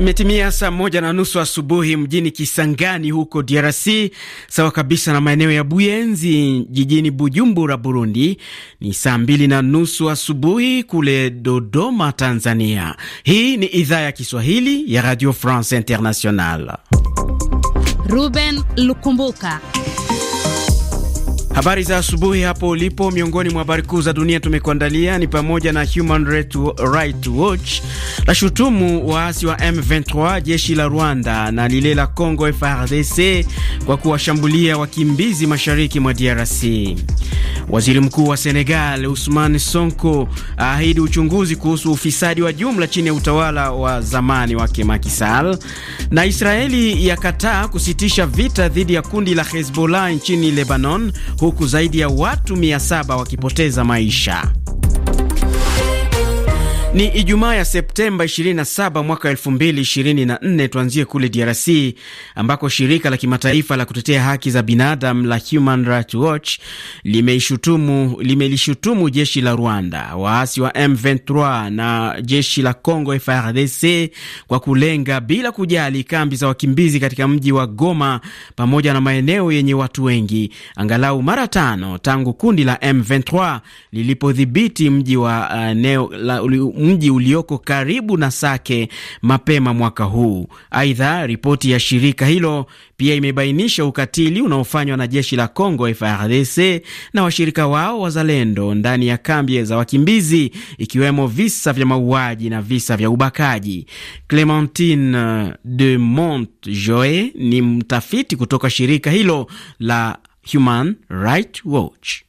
Imetimia saa moja na nusu asubuhi mjini Kisangani huko DRC, sawa kabisa na maeneo ya Buyenzi jijini Bujumbura, Burundi. Ni saa mbili na nusu asubuhi kule Dodoma, Tanzania. Hii ni idhaa ya Kiswahili ya Radio France International. Ruben Lukumbuka Habari za asubuhi hapo ulipo. Miongoni mwa habari kuu za dunia tumekuandalia ni pamoja na Human Rights Watch la shutumu waasi wa M23, jeshi la Rwanda na lile la Congo frdc kwa kuwashambulia wakimbizi mashariki mwa DRC. Waziri mkuu wa Senegal Usman Sonko aahidi uchunguzi kuhusu ufisadi wa jumla chini ya utawala wa zamani wake Macky Sall, na Israeli yakataa kusitisha vita dhidi ya kundi la Hezbollah nchini Lebanon huku zaidi ya watu 700 wakipoteza maisha. Ni Ijumaa ya Septemba 27 mwaka 2024. Tuanzie kule DRC ambako shirika la kimataifa la kutetea haki za binadamu la Human Rights Watch limeishutumu limelishutumu jeshi la Rwanda, waasi wa M23 na jeshi la Congo frdc kwa kulenga bila kujali kambi za wakimbizi katika mji wa Goma pamoja na maeneo yenye watu wengi, angalau mara tano tangu kundi la M23 lilipodhibiti mji wa uh, eh, neo, la, mji ulioko karibu na Sake mapema mwaka huu. Aidha, ripoti ya shirika hilo pia imebainisha ukatili unaofanywa na jeshi la Congo FARDC na washirika wao wazalendo ndani ya kambi za wakimbizi, ikiwemo visa vya mauaji na visa vya ubakaji. Clementine de mont joe ni mtafiti kutoka shirika hilo la Human Rights Watch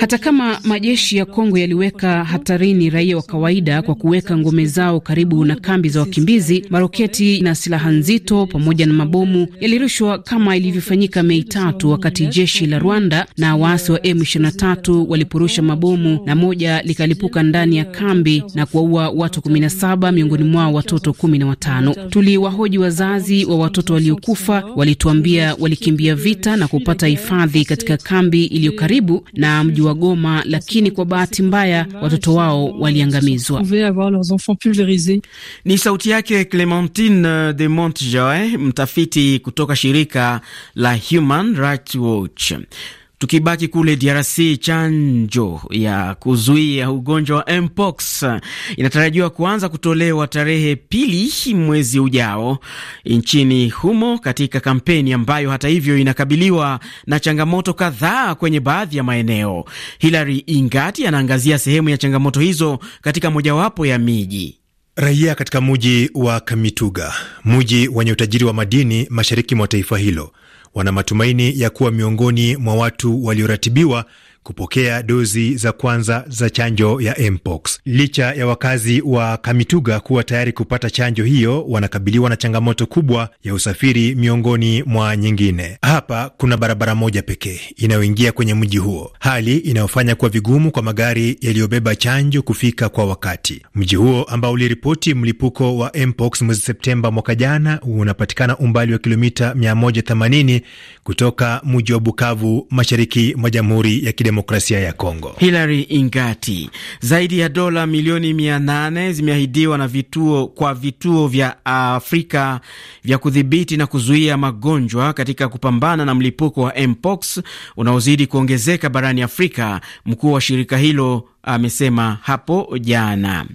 hata kama majeshi ya Kongo yaliweka hatarini raia wa kawaida kwa kuweka ngome zao karibu na kambi za wakimbizi, maroketi na silaha nzito pamoja na mabomu yalirushwa kama ilivyofanyika Mei tatu, wakati jeshi la Rwanda na waasi wa M23 waliporusha mabomu na moja likalipuka ndani ya kambi na kuwaua watu 17, miongoni mwao watoto 15. Tuliwahoji wazazi wa watoto waliokufa, walituambia walikimbia vita na kupata kupata hifadhi katika kambi iliyo karibu na mji wa Goma, lakini kwa bahati mbaya watoto wao waliangamizwa. Ni sauti yake Clementine de Montjoie, mtafiti kutoka shirika la Human Rights Watch. Tukibaki kule DRC, chanjo ya kuzuia ugonjwa wa mpox inatarajiwa kuanza kutolewa tarehe pili mwezi ujao nchini humo, katika kampeni ambayo hata hivyo inakabiliwa na changamoto kadhaa kwenye baadhi ya maeneo. Hilary Ingati anaangazia sehemu ya changamoto hizo katika mojawapo ya miji Raia katika muji wa Kamituga, muji wenye utajiri wa madini mashariki mwa taifa hilo, wana matumaini ya kuwa miongoni mwa watu walioratibiwa kupokea dozi za kwanza za chanjo ya mpox. Licha ya wakazi wa Kamituga kuwa tayari kupata chanjo hiyo, wanakabiliwa na changamoto kubwa ya usafiri, miongoni mwa nyingine. Hapa kuna barabara moja pekee inayoingia kwenye mji huo, hali inayofanya kuwa vigumu kwa magari yaliyobeba chanjo kufika kwa wakati. Mji huo ambao uliripoti mlipuko wa mpox mwezi Septemba mwaka jana unapatikana umbali wa kilomita 180 kutoka mji wa Bukavu, mashariki mwa Jamhuri ya Kidemokrasia Kidemokrasia ya Kongo. Hilary Ingati. Zaidi ya dola milioni mia nane zimeahidiwa na vituo kwa vituo vya Afrika vya kudhibiti na kuzuia magonjwa katika kupambana na mlipuko wa mpox unaozidi kuongezeka barani Afrika, mkuu wa shirika hilo amesema hapo jana.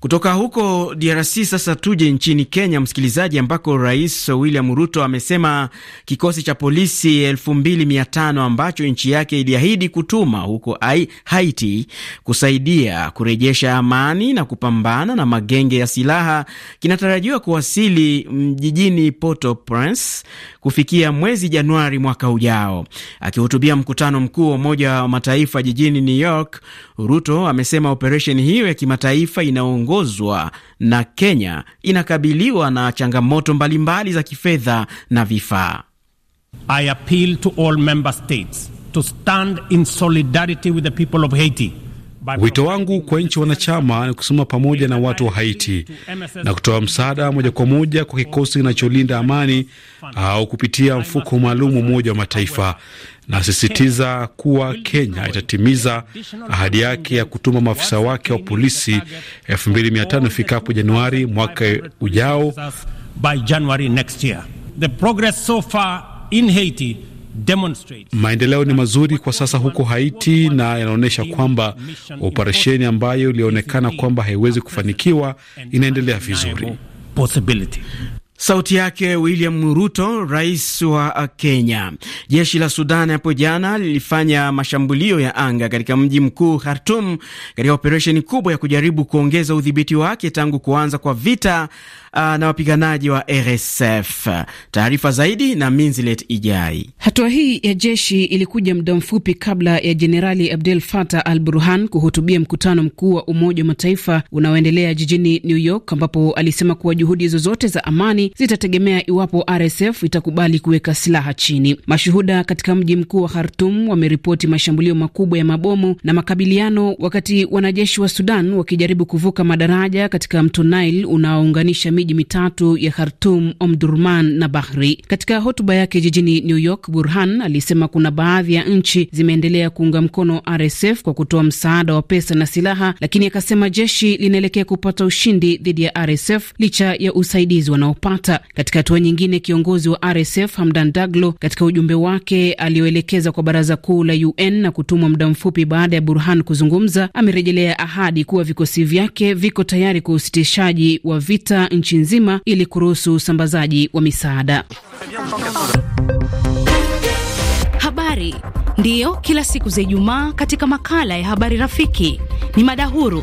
Kutoka huko DRC sasa tuje nchini Kenya, msikilizaji, ambako Rais William Ruto amesema kikosi cha polisi 25 ambacho nchi yake iliahidi kutuma huko Haiti kusaidia kurejesha amani na kupambana na magenge ya silaha kinatarajiwa kuwasili jijini Port-au-Prince kufikia mwezi Januari mwaka ujao. Akihutubia mkutano mkuu wa Umoja wa Mataifa jijini New York, Ruto amesema operesheni hiyo ya kimataifa ina inayoongozwa na Kenya inakabiliwa na changamoto mbalimbali za kifedha na vifaa. I appeal to all member states to stand in solidarity with the people of Haiti. Wito wangu kwa nchi wanachama ni kusimama pamoja na watu wa Haiti na kutoa msaada moja kwa moja kwa kikosi kinacholinda amani au kupitia mfuko maalum Umoja wa Mataifa na asisitiza kuwa Kenya itatimiza ahadi yake ya kutuma maafisa wake wa polisi 2500 ifikapo Januari mwaka ujao. Maendeleo ni mazuri kwa sasa huko Haiti na yanaonyesha kwamba operesheni ambayo ilionekana kwamba haiwezi kufanikiwa inaendelea vizuri. Sauti yake William Ruto, rais wa Kenya. Jeshi la Sudan hapo jana lilifanya mashambulio ya anga katika mji mkuu Khartum, katika operesheni kubwa ya kujaribu kuongeza udhibiti wake tangu kuanza kwa vita Ah, na wapiganaji wa RSF. Taarifa zaidi na Minzilet Ijai. Hatua hii ya jeshi ilikuja muda mfupi kabla ya Jenerali Abdel Fattah al Burhan kuhutubia mkutano mkuu wa Umoja wa Mataifa unaoendelea jijini New York, ambapo alisema kuwa juhudi zozote za amani zitategemea iwapo RSF itakubali kuweka silaha chini. Mashuhuda katika mji mkuu wa Khartum wameripoti mashambulio makubwa ya mabomu na makabiliano, wakati wanajeshi wa Sudan wakijaribu kuvuka madaraja katika mto Nile unaounganisha miji miji mitatu ya Khartum, Omdurman na Bahri. Katika hotuba yake jijini New York, Burhan alisema kuna baadhi ya nchi zimeendelea kuunga mkono RSF kwa kutoa msaada wa pesa na silaha, lakini akasema jeshi linaelekea kupata ushindi dhidi ya RSF licha ya usaidizi wanaopata. Katika hatua nyingine, kiongozi wa RSF Hamdan Daglo katika ujumbe wake alioelekeza kwa baraza kuu la UN na kutumwa muda mfupi baada ya Burhan kuzungumza, amerejelea ahadi kuwa vikosi vyake viko tayari kwa usitishaji wa vita nchi nchi nzima ili kuruhusu usambazaji wa misaada. Habari ndiyo kila siku za Ijumaa katika makala ya habari rafiki ni mada huru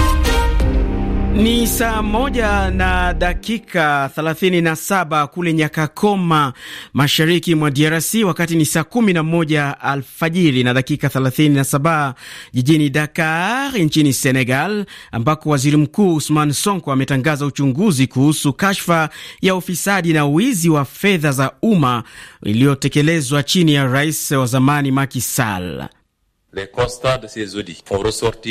Ni saa moja na dakika 37 kule Nyakakoma, mashariki mwa DRC, wakati ni saa 11 alfajiri na dakika 37 jijini Dakar nchini Senegal, ambako waziri mkuu Usman Sonko ametangaza uchunguzi kuhusu kashfa ya ufisadi na wizi wa fedha za umma iliyotekelezwa chini ya rais wa zamani Macky Sall.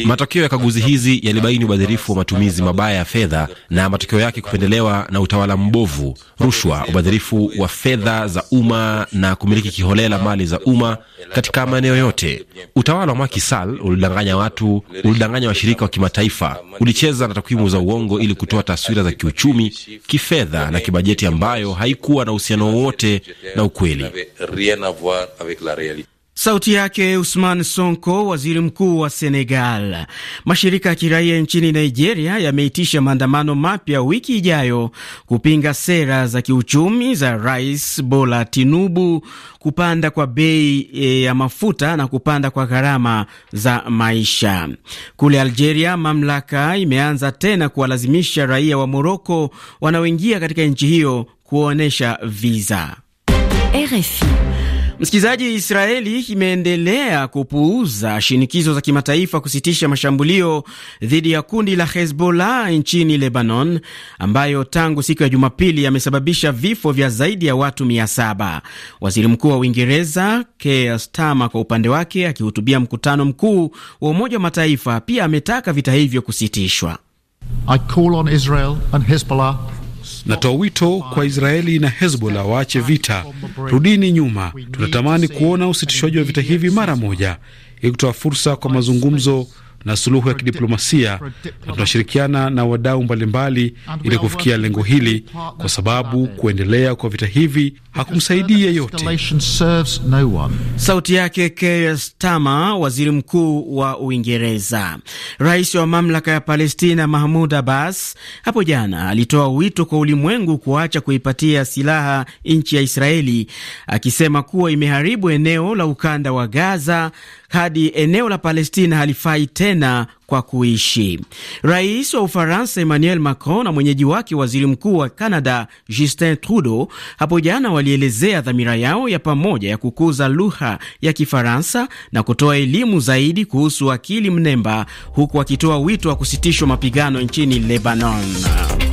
Matokeo ya kaguzi hizi yalibaini ubadhirifu wa matumizi mabaya ya fedha na matokeo yake kupendelewa na utawala mbovu, rushwa, ubadhirifu wa fedha za umma na kumiliki kiholela mali za umma katika maeneo yote. Utawala wa Macky Sall ulidanganya watu, ulidanganya washirika wa kimataifa, ulicheza na takwimu za uongo ili kutoa taswira za kiuchumi, kifedha na kibajeti ambayo haikuwa na uhusiano wowote na ukweli. Sauti yake Usman Sonko, waziri mkuu wa Senegal. Mashirika ya kiraia nchini Nigeria yameitisha maandamano mapya wiki ijayo kupinga sera za kiuchumi za Rais Bola Tinubu, kupanda kwa bei e, ya mafuta na kupanda kwa gharama za maisha. Kule Algeria, mamlaka imeanza tena kuwalazimisha raia wa Moroko wanaoingia katika nchi hiyo kuonyesha viza. RFI Msikilizaji, Israeli imeendelea kupuuza shinikizo za kimataifa kusitisha mashambulio dhidi ya kundi la Hezbollah nchini Lebanon, ambayo tangu siku ya Jumapili yamesababisha vifo vya zaidi ya watu mia saba. Waziri Mkuu wa Uingereza Keir Starmer, kwa upande wake, akihutubia mkutano mkuu wa Umoja wa Mataifa, pia ametaka vita hivyo kusitishwa. I call on Israel and Hezbollah Natoa wito kwa Israeli na Hezbollah waache vita, rudini nyuma. Tunatamani kuona usitishwaji wa vita hivi mara moja, ili kutoa fursa kwa mazungumzo na suluhu ya kidiplomasia, na tunashirikiana na wadau mbalimbali ili kufikia lengo hili, kwa sababu kuendelea kwa vita hivi hakumsaidia yeyote. sauti yake Keir Starmer, waziri mkuu wa Uingereza. Rais wa mamlaka ya Palestina Mahmud Abbas hapo jana alitoa wito kwa ulimwengu kuacha kuipatia silaha nchi ya Israeli, akisema kuwa imeharibu eneo la ukanda wa Gaza hadi eneo la Palestina halifai tena kwa kuishi. Rais wa Ufaransa Emmanuel Macron na mwenyeji wake waziri mkuu wa Canada Justin Trudeau hapo jana walielezea dhamira yao ya pamoja ya kukuza lugha ya Kifaransa na kutoa elimu zaidi kuhusu akili mnemba, huku akitoa wito wa kusitishwa mapigano nchini Lebanon.